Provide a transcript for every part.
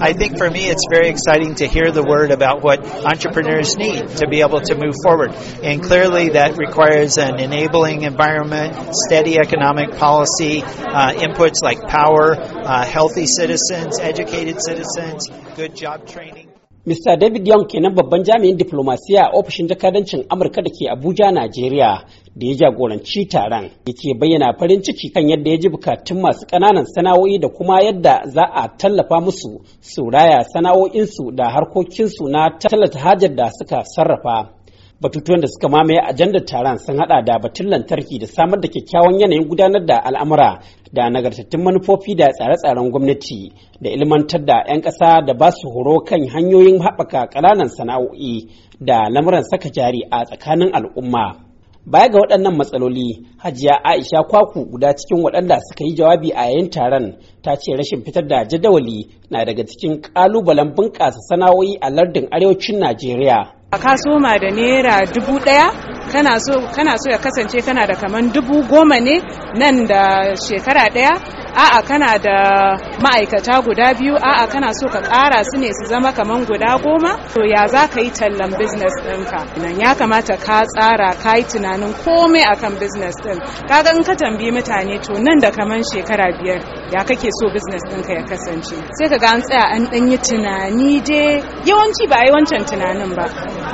I think for me, it's very exciting to hear the word about what entrepreneurs need to be able to move forward. And clearly, that requires an enabling environment, steady economic policy, uh, inputs like power, uh, healthy citizens, educated citizens, good job training. Mr. David Young kenan babban jami'in diplomasiya a ofishin jakadancin Amurka da ke Abuja, Najeriya, da ya jagoranci taron. Ya ke bayyana farin ciki kan yadda ya ji bukatun masu ƙananan sana'o'i da kuma yadda za a tallafa musu su raya sana'o'insu da harkokinsu na tallata hajar da suka sarrafa. Batutuwan da suka mamaye ajandar taron sun hada da batun lantarki da samar da kyakkyawan yanayin gudanar da al'amura da nagartattun manufofi da tsare-tsaren gwamnati da ilmantar da 'yan ƙasa da ba su horo kan hanyoyin haɓaka ƙananan sana'o'i da lamuran saka jari a tsakanin al'umma. Baya ga waɗannan matsaloli, Hajiya Aisha Kwaku guda cikin waɗanda suka yi jawabi a yayin taron ta ce rashin fitar da jadawali na daga cikin ƙalubalen bunƙasa sana'o'i a lardin arewacin Najeriya. ka soma da naira dubu ɗaya kana so ya kasance kana da kaman dubu goma ne nan da shekara ɗaya a'a kana da ma'aikata guda biyu a'a kana so ka ƙara su ne su zama kaman guda goma to ya za ka yi tallan business ɗinka nan ya kamata ka tsara ka yi tunanin komai akan business ɗin kaga in ka tambayi mutane to nan da kaman shekara biyar ya kake so business ɗinka ya kasance sai ka ga an tsaya an ɗan yi tunani dai yawanci ba a yi wancan tunanin ba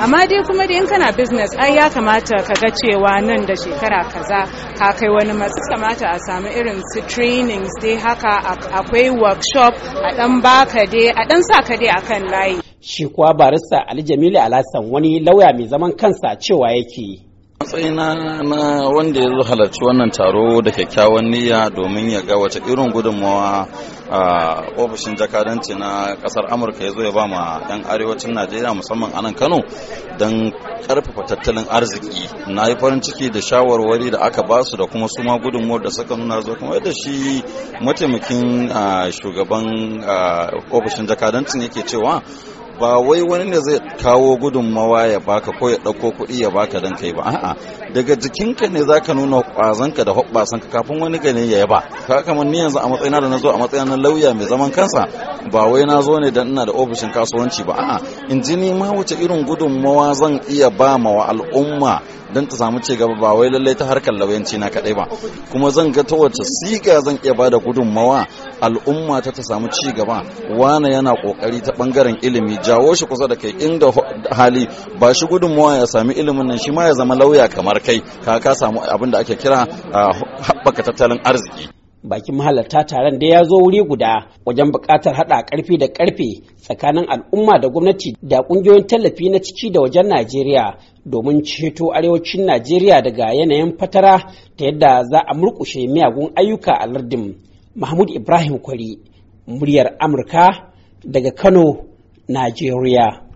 amma dai kuma dai in kana business ai ya kamata kamata ka ga cewa nan da shekara kaza ka kai wani masu kamata a samu irin su trainings dai haka akwai workshop a dan baka dai a dan sa ka dai akan layi shi kuwa barista Ali Jamilu Alhassan wani lauya mai zaman kansa cewa yake matsayina na wanda ya zo halarci wannan taro da kyakkyawan niyya domin ya ga wace irin gudunmawa a ofishin jakadanci na kasar amurka ya zo ya ba ma 'yan arewacin najeriya musamman a nan kano don karfafa tattalin arziki na yi farin ciki da shawarwari da aka ba su da kuma suma ma da suka nuna zo kuma yadda shi mataimakin shugaban ofishin jakadancin yake cewa ba wai wani ne zai kawo gudunmawa ya baka ko ya ɗauko kuɗi ya baka don kai ba a'a daga jikinka ne zaka nuna kwazanka da hoɓɓasanka kafin wani gane ya yaba ka kamar ni yanzu a matsayina da na a matsayin na lauya mai zaman kansa ba wai na zo ne dan ina da ofishin kasuwanci ba a'a in ji ni ma wace irin gudunmawa zan iya ba ma wa al'umma don ta samu ci gaba ba wai lallai ta harkar lauyanci na kaɗai ba kuma zan ga ta wace siga zan iya bada gudunmawa al'umma ta ta samu ci gaba wane yana kokari ta bangaren ilimi jawo shi kusa da kai inda hali ba shi gudunmawa ya sami ilimin nan shi ma ya zama lauya kamar kai ka ka samu abin da ake kira ah, haɓaka tattalin arziki bakin mahalarta taron da ya zo wuri guda wajen buƙatar haɗa ƙarfi da ƙarfe tsakanin al'umma da gwamnati da ƙungiyoyin tallafi na ciki da wajen najeriya domin ceto arewacin najeriya daga yanayin fatara ta yadda za a murƙushe miyagun ayyuka a lardin mahmud ibrahim kwari muryar amurka daga kano najeriya